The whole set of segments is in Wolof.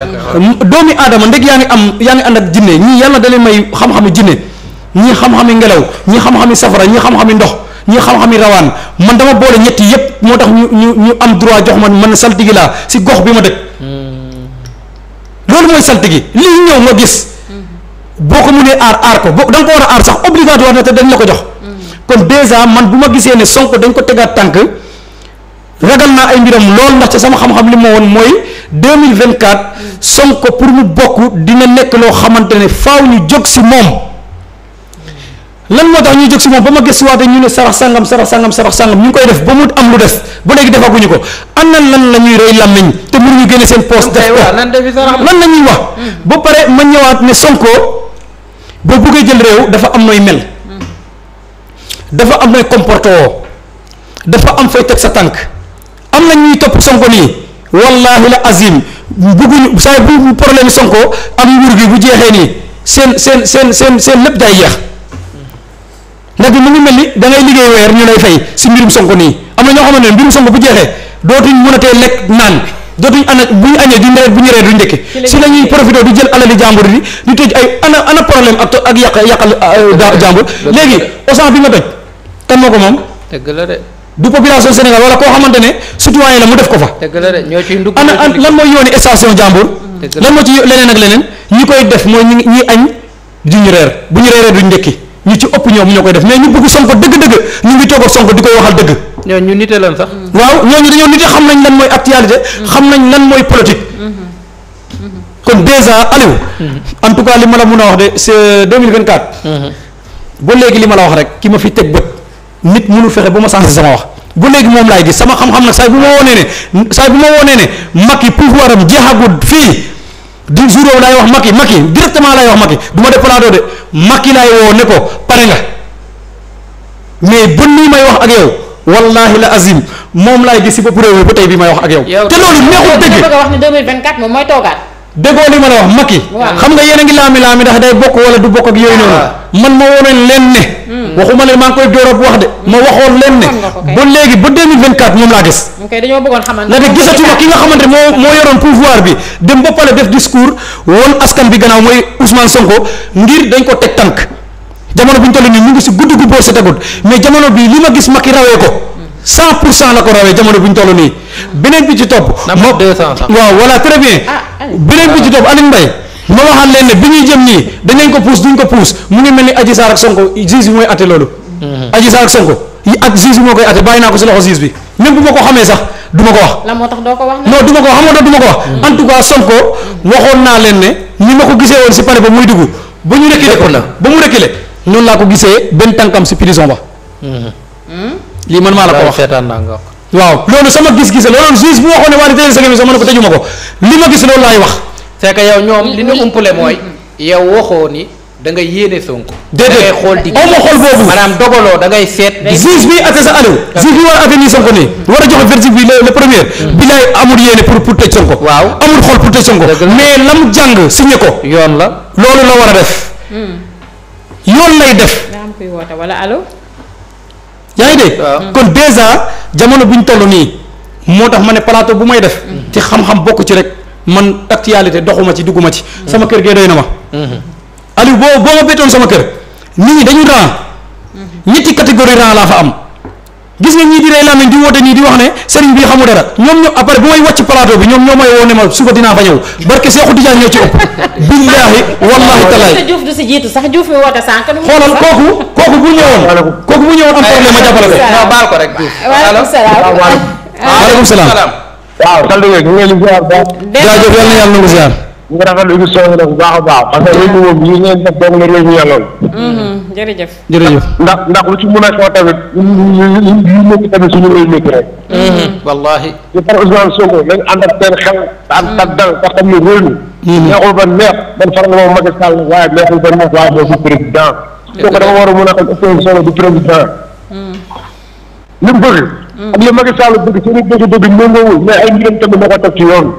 doomi aadama ndeg yaa ngi am yaa ngi ànd ak jinne ñii yàlla da leen may xam-xami jinne ñii xam-xami ngelaw ñii xam-xami safara ñii xam-xami ndox ñii xam-xami rawaan man dama boole ñetti yépp moo tax ñu ñu ñu am droit jox man man saltigi laa si gox bi ma dëkk hmm. loolu mooy saltigi lii ñëw nga gis hmm. boo ko mënee aar aar ko boo da nga ko war a aar sax obligatoire na te dañ la ko jox hmm. kon déjà man bu ma gisee ne sonk dañ ko tegaat tànk ragal naa ay mbiram loolu ndax ci sama xam-xam li ma woon mooy 2024 Sonko pour mu bokk dina nekk loo xamante ne faw ñu jóg si moom lan moo tax ñuy jóg si moom ba ma gis si waate ñu ne sarax sangam sarax sangam sarax sangam ñu ngi koy ba mu am lu des ba léegi defaguñu ko am na lan la ñuy rey làmmiñ te mënuñu génne seen poste def ko lan la ñuy wax hmm. ba paree ma ñëwaat ne Sonko boo buggee jël réew dafa am nooy mel hmm. dafa am nooy comporté woo dafa am fooy teg sa tànk am na ñuy topp Sonko nii wallahi la azim bugguñu saa bu problème Sonko am nguur gi bu jeexee nii seen seen seen seen seen lépp day jeex ndax mu ngi mel ni da ngay liggéey weer ñu lay fay si mbirum Sonko nii am na ñoo xamante ne mbirum Sonko bu jeexee dootuñ mënatee lekk naan dootuñ ana bu ñu añee duñ reer bu ñu reer duñ ndekki si la ñuy profité di jël alali jàmbur di di tëj ay ana ana problème ak ak yàq yàqal euh, jàmbur léegi osan bi nga toj kan moo ko moom du population Sénégal wala koo xamante ne citoyen la mu def ko fa. dëgg la de ñoo ciy ndugg ana an lan mooy ci leneen ak leneen ñi koy def mooy ñi ñi añ duñu reer bu ñu reeree duñu ndekki ñu ci ëpp ñoom ñoo koy def mais ñu bëgg Sonko dëgg-dëgg ñu ngi toog ak Sonko di koy waxal dëgg. ñooñu ñu nite lan sax. waaw ñooñu dañoo nite xam nañ lan mooy actualité. Mm-hmm. xam nañ lan mooy politique. Mm-hmm. kon déjà Aliou. Mm-hmm. en tout cas li ma la mën a wax de c'est 2024. léegi li ma la wax rek ki ma fi teg bët. nit mënul fexe ba ma sensé sama wax bu léegi moom lay gis sama xam-xam nag saay bu ma wonee ne saay bu ma wonee ne Macky pouvoir am jeexagul fii di jour laay wax Macky Macky directement lay wax Macky du ma def plateau de Macky laay woo ne ko pare nga mais ba nii may wax ak yow wallahi la azim moom laay gis si bopp réew mi ba tey bi may wax ak yow. te loolu neexul dëgg déggoo li ma la wax Macky xam nga yéen a ngi laami laami ndax day bokk wala du bokk ak yooyu noonu ah. man ma waroon leen ne hmm. waxuma leen maa ngi koy door a wax de hmm. ma waxoon leen ne ba léegi ba 2024 moom laa gis ndaxte gisatuma ki nga xamante moo moo yoroon pouvoir bi dem ba pale def discours woon askan bi gannaaw mooy Ousmane Sonko ngir dañ ko teg tànk jamono bi ñu toll nii mu ngi si gudd gu boo setagul mais jamono bi li ma gis Macky rawee ko cent pour cent la ko rawee jamono bu ñu toll nii beneen bi ci topp. moo waaw voilà très bien. Ah, beneen bi topp Alioune ma waxaat leen bi ñuy jëm nii danañ ko puus duñ ko puus mu ngi mel ni Adji Sarr ak Sonko juge bi mooy atte loolu. Mm-hmm. Adji ak Sonko ak juge bi moo koy atte bàyyi naa ko si loxo juge bi même bu ma ko xamee sax du ma ko wax. moo tax doo ko wax non du ma ko wax xam mm-hmm. Sonko waxoon naa leen ne ni ma ko gisee woon si pare ba muy dugg. ba ñu ko ba mu rekkile noonu laa ko gisee lii man maa la ko wax naa nga wax waaw loolu sama gis-gis la loolu juge bu waxoon ne waa ne tëjee sa gémmiñ sax ma ne ko tëjuma ko li ma gis loolu laay wax. c'est que yow ñoom li ñu umpale mooy. Mm-hmm. yow waxoo ni da nga yéene Sonko. déedéet da xool di gis ma xool boobu. maanaam dogaloo da ngay seet. juge bi àtte sa Aliou. juge bi war a àtte nii Sonko nii. Mm-hmm. war a joxe verdict bi le premier. Mm-hmm. bilaay amul yéene pour pour tëj Sonko. waaw amul xool pour tëj Sonko. mais lam jàng signé ko. yoon la loolu la war a def. Mm. yoon lay def. daa am wala allo. yaa ngi dégg kon dèjà jamono bu ñu toll nii moo tax ma ne plateau bu may def hmm. ci xam-xam bokk ci rek man actualité doxuma ci dugguma ci hmm. sama kër gee doy na ma hmm. Aliou boo boo ma bettoon sama kër nit ñi dañu rang ñetti catégorie rang laa fa am gis nga ñii di rey làmmiñ di woote nii di wax ne sëriñ bi xamu dara ñoom ñoom après bu may wàcc plateau bi ñoom ñoo may woo ne ma suba dinaa fa ñëw barke Seexu Tijaan ñoo ci ëpp billaahi wallaahi talaay si jiitu sax Diouf mi woote sànq xoolal kooku kooku bu ñëwoon kooku bu ñëwoon am problème ma jàppale ko non baal ko rek waaleykum salaam waaleykum salaam waaw saldungé ñu ngi leen di ziar jaajëf yal na yàlla nangu ziar ñu ngi rafetlu émission bi nag bu baax a baax parce que réew mi moom yi ngeen def doom la réew mi yàlla jërëjëf jërëjëf ndax ndax lu ci mën a xew tamit yu nekk tamit suñu réew nekk rek mm-hmm. wallaahi ñu par Ousmane Sonko nañ ànd ak seen xel te ànd ak dal te xam ne réew mi mm-hmm. neexul ba neex man faral moom Macky Sall waaye neexul ba neex waaye boobu président mm-hmm. soo ko dafa war a mën a xam opposition du président li mu bëgg ak li Macky Sall bëgg seen bëgg-bëgg méngoowul mais ay mbiram tamit na ko teg ci yoon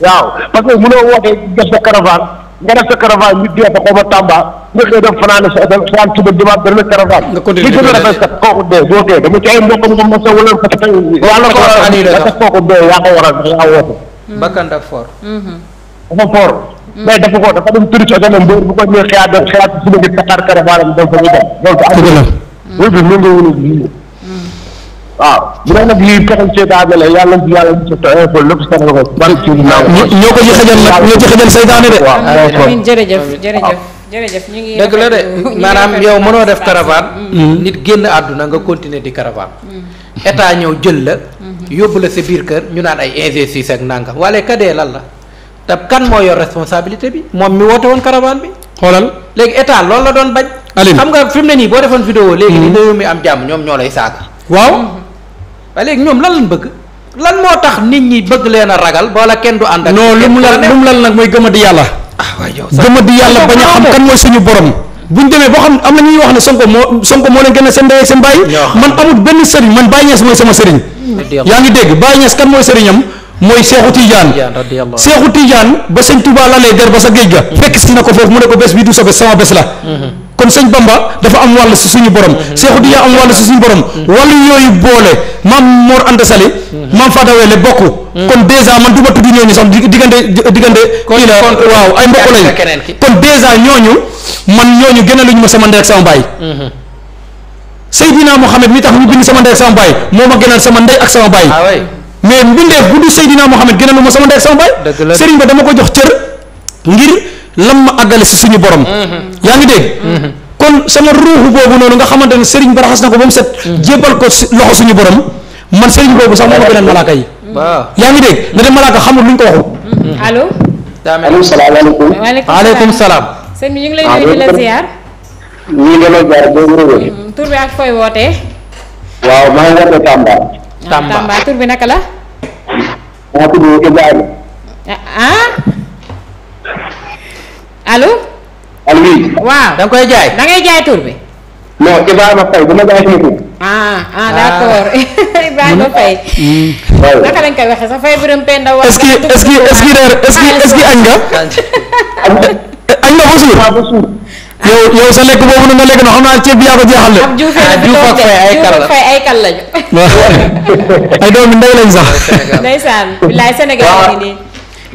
waaw parce que mënoo wootee def sa caravane nga def sa caravane ñu dee fa xaw ma Tamba nga xëy dem fanaan sa hôtel fanaan suba demaat benn caravane. nga continué di ko def kooku dee doo dee dama ci ay mbokk mu ma sa wala sa tey. wala ko wala kooku dee yaa ko waral da ngaa woote. bakkan ak for. dafa for. Mm-hmm. Mm-hmm. mais dafa ko dafa dem tëri ci hôtel am bu ko ñëwee xëyaat dem xëyaat suba ngi taxaar caravane am dem fa ñu dem loolu ko am. dëgg la. Mm-hmm. wóor bi mën nga wóor waaw bu dee nag lii pexe seytaane yàlla yàlla ñu sa tool ko lépp sa ko ban ci naaw. ñoo ko xëjal nag ñoo ci xëjal seytaane de. ñu ngi dëgg la de maanaam yow mënoo def caravane. Mm-hmm. nit génn àdduna nga continuer di caravane. Mm-hmm. état ñëw jël la. Mm-hmm. yóbbu la sa biir kër ñu naan ay injustice ak nangam wala kadee lan la te kan moo yor responsabilité bi moom mi woote woon caravane bi. xoolal léegi état loolu la doon bañ. xam nga fi mu ne nii boo defoon vidéo léegi ni réew mi am jàmm ñoom ñoo lay saaga. waaw. waaye ñoom lan lañ bëgg lan moo tax nit ñi bëgg leen a ragal wala kenn du ànd ak. non lu lan lu mu lan nag mooy gëm di yàlla. ah di yàlla bañ a xam kan mooy suñu borom. bu ñu demee boo xam am na ñuy wax ne sonko moo sonko moo leen gën a seen ndey ak seen bàyyi man amul benn sëriñ man Baye Niass mooy sama sëriñ yaa ngi dégg Baye Niass kan mooy sëriñam mooy Seexu Tijaan Seexu Tijaan ba sëñ Tuubaa lalee der ba sa géej ga mm-hmm. fekk si na ko foofu mu ne ko bés la mm-hmm. kon sëñ Bamba dafa am wàll si suñu borom mhm. Seexu Tijaan am wàll si suñu borom mhm. wàll yooyu boole maam Mor Anta mhm. maam Fata bokk kon dèjà man du ma tudd ñooñu sax diggante diggante kii la waaw ay mbokk lañu kon dèjà ñooñu man ñooñu gën a ma sama ndey ak sama baay Seydina Mohamed mi tax ñu bind sama ndey ak sama baay moo ma gënal sama ndey ak sama baay ah mais mbindeef bu du Seydina Mohamed gënalu ma sama ndey ak sama baay sëriñ ba dama ko jox cër lam ma àggale si suñu borom. Mm-hmm. yaa ngi dégg. Mm-hmm. kon sama ruuxu boobu noonu nga xamante ne sëriñ ba raxas na ko ba mu set. Mm-hmm. jébbal ko loxo suñu borom man sëriñ boobu sax moo ma gënal malaaka yi. waaw yaa ngi dégg ne de malaaka xamul lu ko waxul. allo. allo salaamaaleykum. waaleykum salaam. sëñ bi ñu ngi lay la ziar. ñu ngi lay ziar boobu tur bi ak fooy wootee. waaw maa a wootee Tamba. Ah, Tamba tur bi naka la. maa tudd Ibrahima. ah. ah? allo. allo oui. waaw da nga koy jaay. da ngay jaay tur bi. non Ibrahima Faye bu ma jaay sama tur. ah ah d'accord ah. Ibrahima Faye. Mm. waaw naka lañ koy waxee sax Faye Birame Penda. est-ce que est-ce que est-ce que reer est-ce que est-ce que añ nga. añ nga fa suur. waaw ba suur. yow yow sa lekk boobu noonu nga lekk na xam naa ceeb bi yaa ko jeexal de. ah Diouf ak Faye ay kal la Diouf ak Faye ay kal lañu. ay doomi ndey lañ sax. ndeysaan bilaay Sénégal yi nii.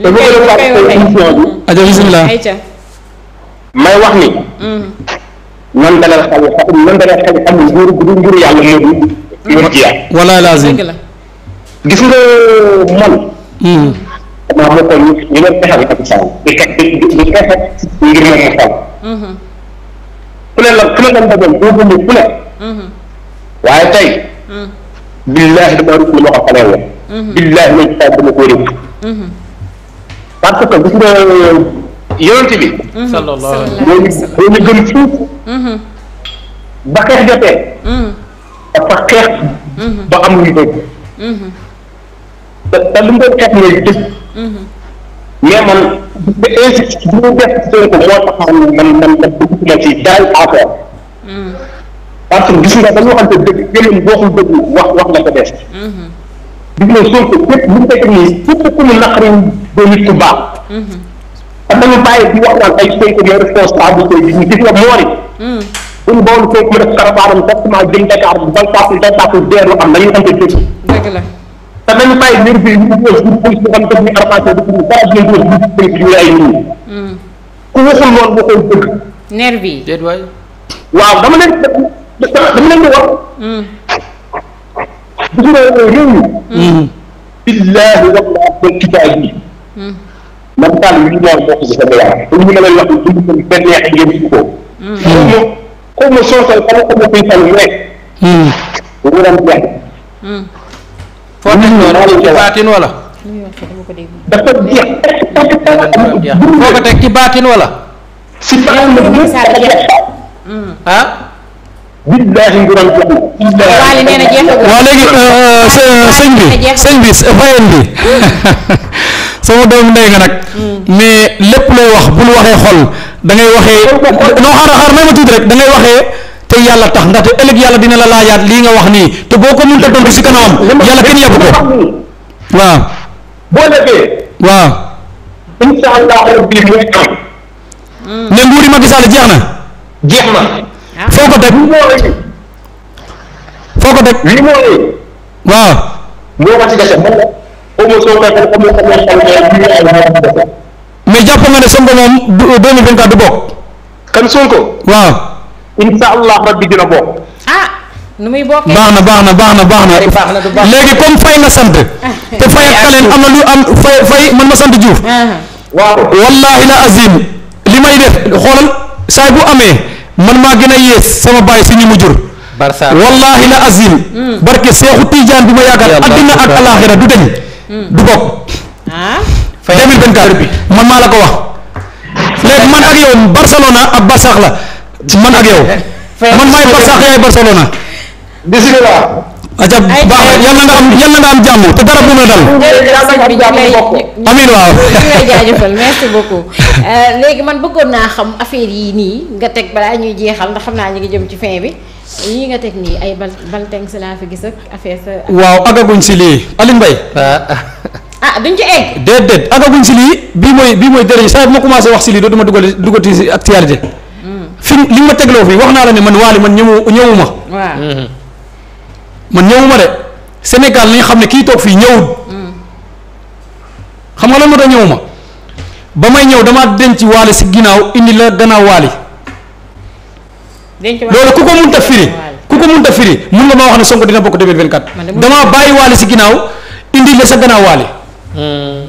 li koy li koy waxee. bisimilah. may wax ni. nan mm. dalal xel xam nan dalal xel amul nguur gu dul nguuru yàlla moo du moo ci yàlla. walaay lazim gis nga man. Mm. damaa bokkoon ñu ñu doon pexeel Macky Sall di kat di di pexe ngir moom mu fal. Mm-hmm. ku ne la ku ne la ndajoon boo gëmee ku ne. Mm-hmm. waaye tey. Mm. billaahi dama rëcc li ma ko falee woon. Mm-hmm. billaahi lañ saa dama ko rëcc. parce que gis nga. yonent bi. sallallahu alayhi wa gën fuuf. ba xeex jotee. dafa xeex. ba am lu ñu bëgg. lu mu doon xeex mooy dëgg. mais man ba injustice bi ñu def Sonko moo tax man man man dugg na ci daal affaire. parce que gis nga dañoo xam te dëgg keneen waxul dëgg la ko des. gis nga Sonko képp bu ñu fekk nii képp te dañu bàyyi di wax naan ay saytu yooyu responsabilité bi ñu gis nga moo ni. bu ñu boole kooku mu def karavaanam directement jëm Dakar ban paasul ban paasul dee lu am dañuy am te dëgg. dëgg la te dañu bàyyi mbir bi ñu wës bu police bi xam def ñu armation bi ñu dara ñu wës bu police bi ñu ay nit ñi. ku waxul loolu waxul dëgg. nerf yi déet waay. waaw dama leen dama leen di wax. bu ñu réew mi. billaahi wallaahi wal kitaabi man taal yi ñu ñaaw moo ko gis a doyar pour ñu mën a yàq ko benn neex ngeen ko. xaw ma xaw ci baatin wala. dafa jeex. wala. si baatin la ah. billaahi sama doom ndey nga nag mais lépp looy wax bul waxee xol da ngay waxee non xaaral xaaral may ma tuuti rek da ngay waxee te yàlla tax ndaxte ëllëg yàlla dina la laajaat lii nga wax nii te boo ko mënta tontu si kanamam yàlla kenn yàpp ko waaw boo lëggee waaw insha allah rabbi muy am ne nguuri Macky jeex na jeex na foo ko teg foo ko teg waaw mais jàpp nga ne Sonko moom du 2024 du bokk. kan Sonko. waaw. incha allah rabbi dina bokk. ah nu muy bokkee. baax na baax na baax na baax na léegi comme fay na sant. te fay ak kaleen am na lu am fay fay man ma sant Diouf. Ah. waaw wallahi la azim li may def xoolal saa bu amee man maa gën a yées sama baay si ñu mu jur. barsaar wallahi la azim. Hmm. barke Seexu Tijaan bi ma yaakaar addina ak alaaxira du deñ du bokk. ah. fay 2024 man maa la ko wax. léegi man ak yow Barcelona ak la man ak yow. man maay Barcelona. bisimilah. ayca baax yal na nga am yal nga am jàmm te dara bu ma dal. amiin waaw. ñu lay jaajëfal euh, léegi man bëggoon naa xam affaire yii nii nga teg balaa ñuy jeexal ndax xam naa ñu ngi jëm ci fin bi lii nga teg nii ay bal balteŋ si laa fi gis ak affaire sa. waaw agaguñ si lii Alioune Mbaye. ah duñ ci egg. déedéet agaguñ si lii bii mooy bii mooy déréglu saa ma commencé wax si lii dootuma dugal dugati si actualité. Hmm. fi li ma tegloo fii wax naa la ne man waali man ñëwu ñëwuma. man ñëwuma de Sénégal nañu xam ne kii toog fii ñëwul xam nga lan moo tax ñëwuma ba may ñëw damaa denc waali si ginnaaw indi la gannaaw waali loolu ku ko mun ta firi ku ko mun ta firi mun nga ma wax ne Sonko dina bokk 2024 damaa bàyyi waali si ginnaaw indi la sa gannaaw waali hmm.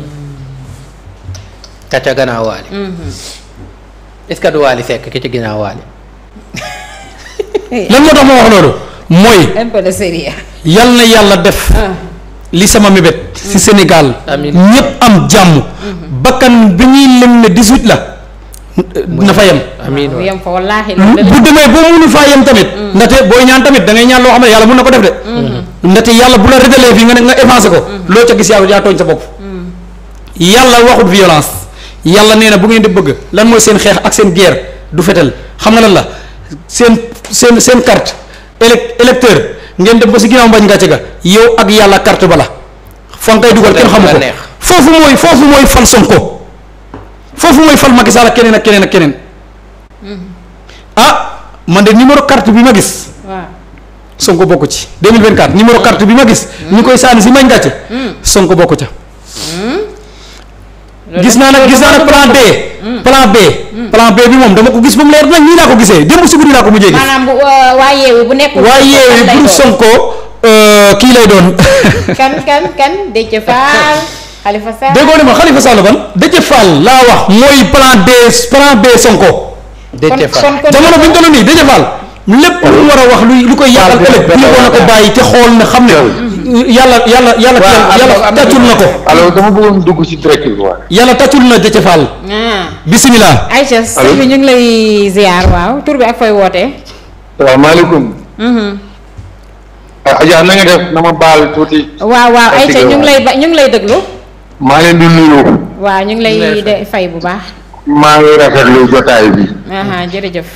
ka ca gannaaw hmm. ci ginnaaw waali lan moo tax ma wax loolu mooy yal na yàlla def ah. li sama mébét ci mm. Sénégal ñépp am jàmm mm-hmm. bakkan bi ñuy lim ne dix-huit la na fa yem hmm? bu demee boo mënu faa yem tamit mm. ndate booy ñaan tamit da ngay ñaan loo xam ne yàlla mën na ko def de mm-hmm. ndate yàlla bu la régalee fii nga ne nga effacé ko mm-hmm. loo ca gis yaa yaa tooñ sa bopp mm. yàlla waxut violence yàlla nee na bu ngeen di bëgg lan mooy seen xeex ak seen guerre du fetel xam nga lan la seen seen seen carte élec électeur ngeen dem ba si ginnaaw mbañ gàcce ga yow ak yàlla carte bala fa nga kay dugal kenn xamu ko foofu mooy foofu mooy fal Sonko foofu mooy fal Macky Sall ak keneen ak keneen ak keneen mhm. ah man de numéro carte bi ma gis Sonko bokk ci 2024 numéro carte bi ma gis mhm. ñu koy sànni si mbañ gàcce mhm. sonk bokk ca gis naa nag gis naa nag plan B. Hmm. plan B. Hmm. plan B bi moom dama ko gis ba mu leer nag nii laa ko gisee démb si guddi laa ko mujjee bu euh, waa yeewi bu nekkul. Euh, kii lay doon. kan kan kan Déthié Fall. Khalifa Sall déggoo ne ma Khalifa Sall laa wax mooy plan B plan B Sonko. Déthié Fall jamono bi nii Déthié Fall lépp lu war a wax lu lu koy yàqal ëllëg ñu ko ko bàyyi te xool na xam ne. yàlla yàlla yàlla. yàlla tàccul na ko. alors dama bëggoon dugg ci direct bi waaw. yàlla tàccul na Déthié Fall. Ah. bisimilah. Aïcha sëñ bi ñu ngi lay ziar waaw tur bi ak fooy wootee. salaamaaleykum. Mhm. Ah, Adja na nga def na ma baal tuuti. waaw waaw Aïcha ñu ngi lay ba ñu ngi lay déglu. maa leen di nuyu. waaw ñu ngi lay fay bu baax. maa ngi rafetlu jotaay bi. jërëjëf.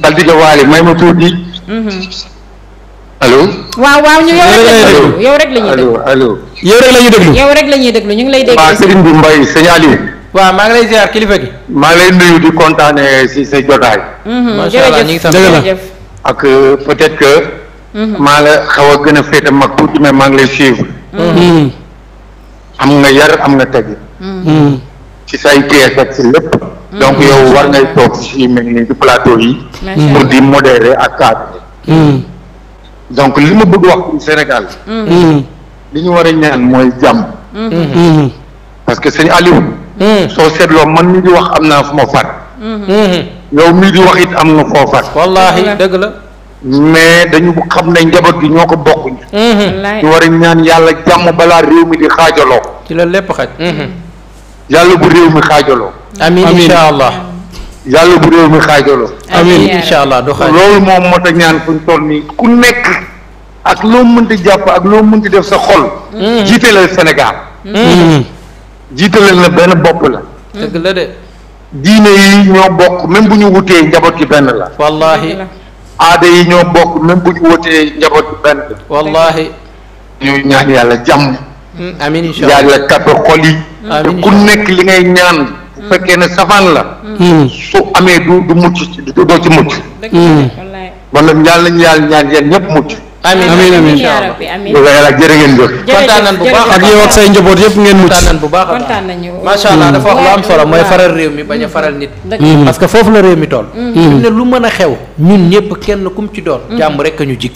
Saltige eh, Waly may ma tuuti. Mhm. allo. waaw waaw ñu yow rek la ñuy déglu yow rek la ñuy déglu allo yow rek la ñuy déglu yow rek la ñu ngi lay déglu. waaw Serigne bi Mbaye maa ngi lay kilifa gi. maa lay nuyu di kontaanee si sa jotaay. Mhm, macha allah ak euh, peut-être que. Mhm. maa la xaw a gën a féete mag tuuti mais maa ngi lay suivre. Mhm. am nga yar am na tegi. ci say pièces ak si lépp. donc yow war ngay toog si mel ni plateau yi. pour di modérer ak cadre. donc li ma bëgg wax Sénégal. Mm-hmm. li ñu war a ñaan mooy jàmm. Mm-hmm. parce que sëñ Aliou. Mm-hmm. soo seetloo man mii di wax am naa fu ma far. yow mii di wax it am na foo far. wallaahi dëgg la. mais dañu xam ne njaboot bi ñoo ko bokk ñu war a ñaan yàlla jàmm balaa réew mi di xaajaloo. ci la lépp xaj. yàlla bu réew mi xaajaloo. amiin incha yàlla bu réew mi xaajaloo. amiin incha allah du xaaj loolu moom moo tax ñaan fu ñu toll nii ku nekk ak loo mënti jàpp ak loo mënti def sa xol. Mm. jiitaleel Sénégal. Mm. jiitaleel na benn bopp la. dëgg la diine yi ñoo bokk même bu ñu wutee njaboot yi benn la. wallaahi. aada yi ñoo bokk même bu ñu wutee njaboot yi benn la. wallaahi. ñuy ñaan yàlla jàmm. Mm. yàlla kàpp xol yi. ku nekk li ngay ñaan. fekkee ne safaan la su amee du du mucc doo ci mucc man nag ñaan lañu yàlla ñaan yéen ñëpp mucc amiin amiin amiin yàlla jërë ngeen jëf kontaan nañ bu baax ak yow ak say njaboot yëpp ngeen mucc kontaan nañ bu baax macha allah dafa wax lu am solo mooy faral réew mi bañ a faral nit parce que foofu la réew mi toll ñu ne lu mën a xew ñun ñëpp kenn kum ci doon jàmm rek ñu jig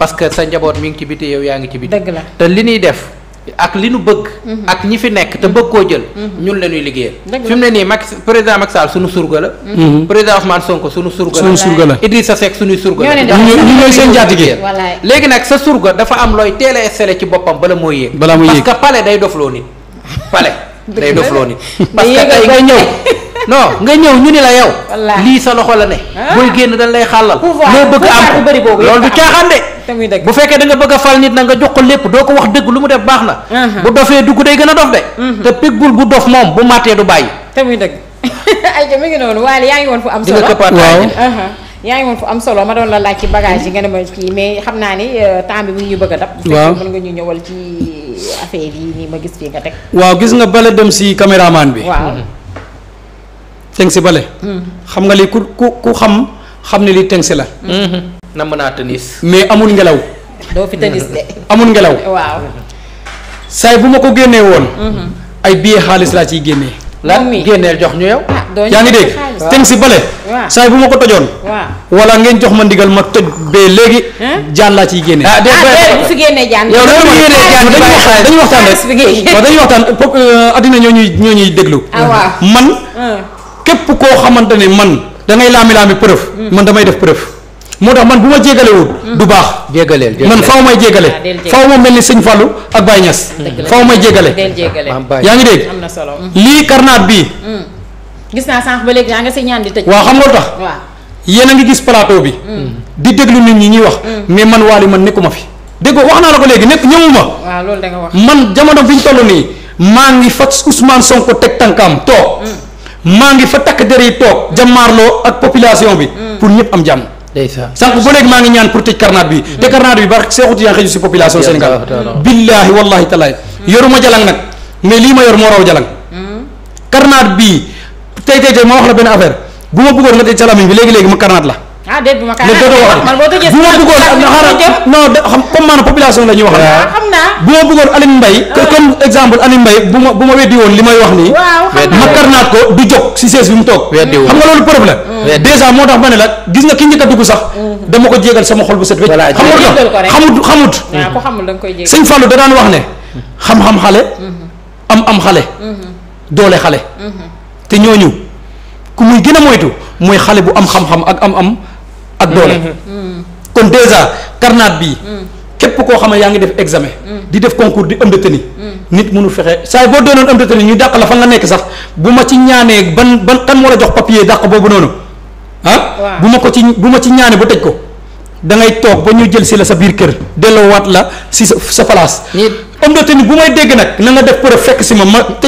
parce que sa njaboot mi ngi ci biti yow yaa ngi ci biti te li ñuy def ak li nu bëgg. Mhm. ak ñi fi nekk te bëgg koo jël. Mhm. ñun la ñuy liggéeyal. fi mu ne nii Macky président Macky Sall sunu surga la. Mhm. président Ousmane Sonko sunu surga la. sunu surga la Idrissa Seck sunu surga la. ñu ñooy seen jaatige. léegi nag sa surga dafa am looy teel a installé ci boppam bala mooy bala mooy yéeg parce que day dofloo nit pale day dofloo nit. parce que tey nga ñëw. nga ñëw ñu ni la yow. lii sa loxo la ne. Ah. booy génn dañ lay xàllal. loo bëgg am loolu du bu fekkee da nga bëgg a fal nit na nga jox ko lépp doo ko wax dëgg lu mu def baax na uh-huh. bu dofee dugg day gën a dof de uh-huh. te Pitbull bu dof moom bu màttee du bàyyi te muy dëgg ay ja mi ngi yaa ngi woon fu am solo uh-huh. yaa ngi woon am solo ma doon la laaj ci yi nga ne ma mais xam naa ni euh, temps bëgg a dab waaw nga ñu ñëwal ci euh, affaire yi nii ma gis fii nga teg waaw gis nga bale dem si caméraman bi waaw mm-hmm. teng si bale mm-hmm. xam nga li ku ku ku xam xam ne li teng si la mm-hmm. na mën mais amul ngelaw. doo fi amul ngelaw waaw. saay bu ma ko génnee woon. Mhm. ay billet xaalis laa ciy génnee. lan génneel jox ñu yow. Ah, yaa ngi dégg teng si bale. saay bu ma ko tojoon. wala ngeen jox ma ndigal ma toj bee léegi. jaan laa ciy génne. ah déedéet ah, su génnee jaan yow dañuy waxtaan rek waaw dañuy waxtaan euh, addina ñoo ñuy ñoo ñuy déglu. Ah, man képp koo xamante ne man da ngay laami laami preuve. Mm. man damay def preuve. moo tax man bu ma jégalewul mm. du baax jégaleel man faw may jégale ah, faw ma mel ni sëñ Fallou ak Baye Niass mm. faw may jégale yaa ngi dégg mm. lii karnaat bii gis naa sànq ba léegi yaa nga sa ñaan di tëj waaw xam nga tax yéen a ngi gis plateau bi di déglu nit ñi ñuy wax mais man waa Wally man nekkuma fi dégg wax naa la ko léegi nekk ñëwuma waaw loolu da nga wax man jamono fi ñu toll nii maa ngi fa Ousmane Sonko teg tànkam toog maa ngi fa takk der yi toog jàmmaarloo ak population bi pour ñëpp am jàmm ndeysaan sànq ba léegi maa ngi ñaan pour tëj carnat bi mm. te carnat bi ba Seexu Tijaan xëju si population Sénégal billaahi wallahi talaay yoruma jalang nag mais lii ma yor moo raw jalang carnat mm. bii tey tey tey ma wax la benn affaire bu ma bëggoon nga tëj salamiñ bi léegi-léegi ma carnat la ah déet bu ma kaa man boo xam comme maanaam population la ñuy wax. waaw ah, xam naa bu ma bëggoon Alioune Mbaye. Ah. comme exemple Alioune mbay bu ma bu ma weddi woon li may wax nii. ma karnaat ko du jóg si sees bi mu toog. xam nga loolu problème. à moo tax ma ne la gis nga ki njëkk a dugg sax. Mm-hmm. dama ko jégal sama xol bu set. voilà jégal ko rek xamut xamut. Mm-hmm. waaw ko koy jégal. sëñ Fallou da daan wax ne. Mm-hmm. xam-xam xale. am am xale. doole xale. te ñooñu ku muy gën a moytu mooy xale bu am xam-xam ak am am ak doole. Mm-hmm. kon déjà carnat bii. Mm. képp koo xam ne yaa ngi def examen. Mm. di def concours di homme de mm. nit munu fexe saa boo doonoon homme ñu dàq la fa nga nekk sax bu ma ci ñaanee ban ban kan moo la jox papier dàq boobu noonu. ah bu ma ko ci bu ma ci ñaanee ba tëj ko da ngay toog ba ñu jël si la sa biir kër delloowaat la si sa sa place. homme de bu may dégg nag na nga def pour fekk si ma ma.